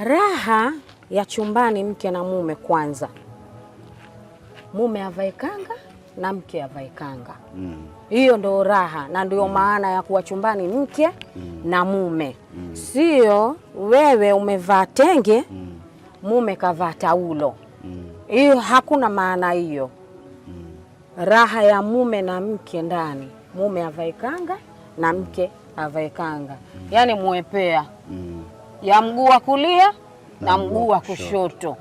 Raha ya chumbani mke na mume kwanza, mume avae kanga na mke avae kanga mm. hiyo, mm. ndio raha na ndio mm. maana ya kuwa chumbani mke mm. na mume mm. Sio wewe umevaa tenge mm. mume kavaa taulo mm. hiyo mm. hakuna maana hiyo mm. Raha ya mume na mke ndani, mume avae kanga na mke avae kanga mm. yaani muepea mm ya mguu wa kulia na mguu wa kushoto.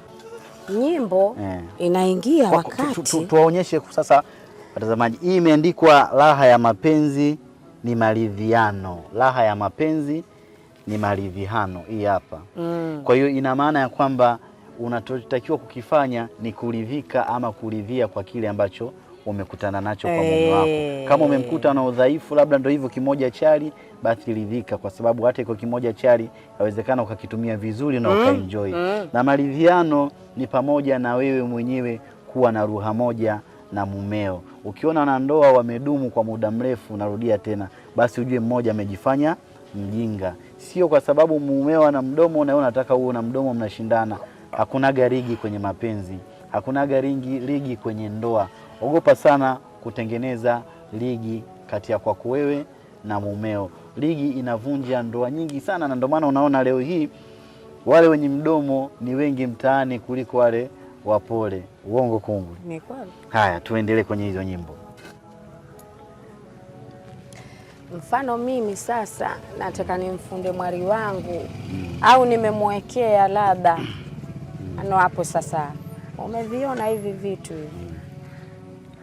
Nyimbo yeah, inaingia wakati tuwaonyeshe tu, tu, sasa watazamaji, hii imeandikwa raha ya mapenzi ni maridhiano, raha ya mapenzi ni maridhiano, hii hapa mm. Kwa hiyo ina maana ya kwamba unachotakiwa kukifanya ni kuridhika ama kuridhia kwa kile ambacho umekutana nacho kwa mume eh. wako. Kama umemkuta na udhaifu, labda ndio hivyo kimoja chali, basi ridhika, kwa sababu hata iko kimoja chali yawezekana ukakitumia vizuri na mm. ukaenjoy. Mm. Na maridhiano ni pamoja na wewe mwenyewe kuwa na ruha moja na mumeo. Ukiona na ndoa wamedumu kwa muda mrefu, narudia tena, basi ujue mmoja amejifanya mjinga. Sio kwa sababu mumeo ana mdomo na wewe unataka uwe na mdomo, mnashindana. Hakuna garigi kwenye mapenzi, hakuna garigi ligi kwenye ndoa ogopa sana kutengeneza ligi kati ya kwako wewe na mumeo. Ligi inavunja ndoa nyingi sana, na ndio maana unaona leo hii wale wenye mdomo ni wengi mtaani kuliko wale wapole. Uongo kungu, Ni kweli. Haya, tuendelee kwenye hizo nyimbo. Mfano mimi sasa nataka nimfunde mwari wangu mm. au nimemwekea labda mm. ano hapo sasa, umeviona hivi vitu hivi mm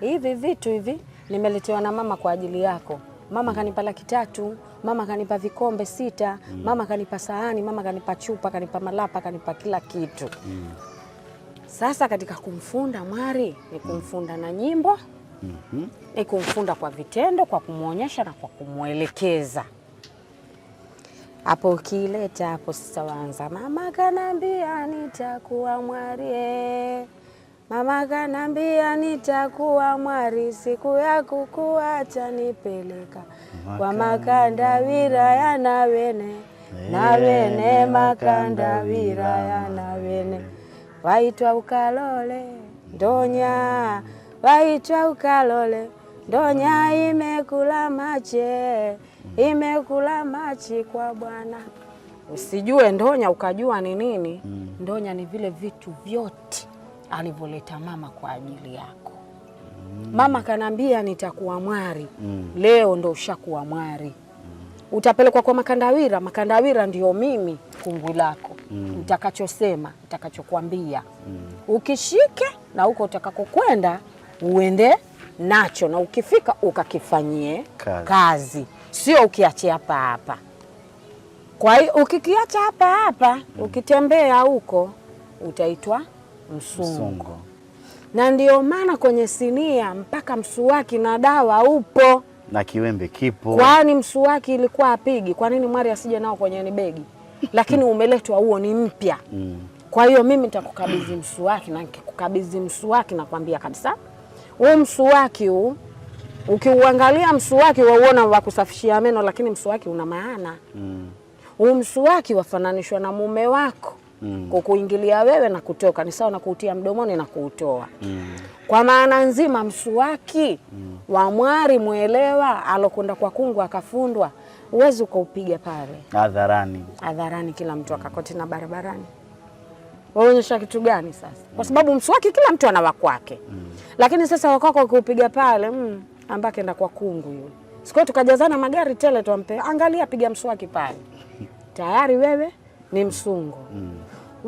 hivi vitu hivi nimeletewa na mama kwa ajili yako. Mama kanipa laki tatu, mama kanipa vikombe sita, mm. mama kanipa sahani, mama kanipa chupa, kanipa malapa, kanipa kila kitu mm. Sasa katika kumfunda Mwari ni kumfunda na nyimbo mm -hmm. ni kumfunda kwa vitendo, kwa kumwonyesha na kwa kumwelekeza hapo. Ukileta hapo sasa, waanza mama kanambia nitakuwa mwari Mama kanambia nitakuwa mwari, siku ya kukuwa nipeleka kwa Makandawira ya nawene nawene, Makandawira ya nawene, waitwa ukalole ndonya, waitwa ukalole ndonya, imekula mache, mm. imekula machi kwa bwana. Usijue ndonya ukajua ni nini? Mm. Ndonya ni vile vitu vyote alivyoleta mama kwa ajili yako. mm. Mama kanaambia nitakuwa mwari. mm. Leo ndo ushakuwa mwari. mm. Utapelekwa kwa Makandawira. Makandawira ndio mimi kungwi lako. mm. Utakachosema, utakachokwambia mm. ukishike, na huko utakakokwenda uende nacho, na ukifika ukakifanyie kazi, kazi. Sio ukiache hapa hapa. Kwa hiyo ukikiacha hapa hapa, mm. ukitembea huko utaitwa msungo, Na ndio maana kwenye sinia mpaka msuwaki na dawa upo na kiwembe kipo. Kwani msuwaki ilikuwa apigi? Kwa nini mwari asije nao kwenye ni begi? Lakini umeletwa huo ni mpya mm. Kwa hiyo mimi nitakukabidhi msuwaki, na nikikukabidhi msuwaki nakwambia kabisa huu msuwaki huu ukiuangalia msuwaki wauona wa kusafishia meno, lakini msuwaki una maana mm. huu mm. Msuwaki wafananishwa na mume wako mm. kukuingilia wewe na kutoka ni sawa na kuutia mdomoni na kuutoa mm. kwa maana nzima mswaki mm. wa mwari mwelewa alokwenda kwa kungu akafundwa, uwezi ukaupiga pale hadharani hadharani, kila mtu akakoti na barabarani waonyesha kitu gani sasa? Kwa mm. sababu mswaki kila mtu ana wakwake mm. lakini sasa wakwako ukiupiga pale mm, ambaye kenda kwa kungu yule siku tukajazana magari tele, tuampe angalia, piga mswaki pale tayari wewe ni msungu mm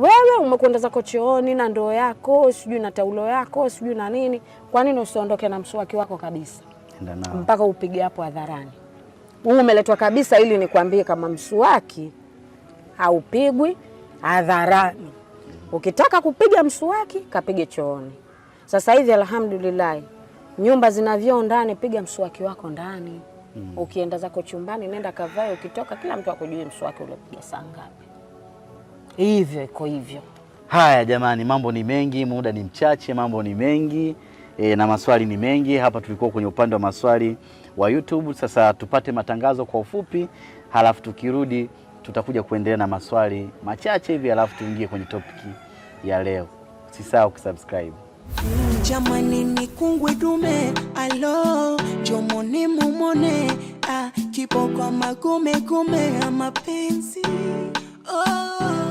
wewe umekwenda zako chooni na ndoo yako sijui na taulo yako sijui na nini, kwa nini usiondoke na mswaki wako kabisa mpaka upige hapo hadharani? Huu umeletwa kabisa ili nikwambie kama mswaki haupigwi hadharani. Ukitaka kupiga mswaki kapige chooni. Sasa hivi alhamdulillah, nyumba zina vyoo ndani, piga mswaki wako ndani. Mm. Ukienda zako chumbani nenda kavae, ukitoka kila mtu akujui mswaki ulipiga saa ngapi hivyo iko hivyo. Haya jamani, mambo ni mengi, muda ni mchache, mambo ni mengi e, na maswali ni mengi. Hapa tulikuwa kwenye upande wa maswali wa YouTube. Sasa tupate matangazo kwa ufupi, halafu tukirudi tutakuja kuendelea na maswali machache hivi, halafu tuingie kwenye topiki ya leo. Usisahau kusubscribe. Jamani ni kungwe dume alo jomoni mumone ah, kiboko magume gume ya mapenzi oh.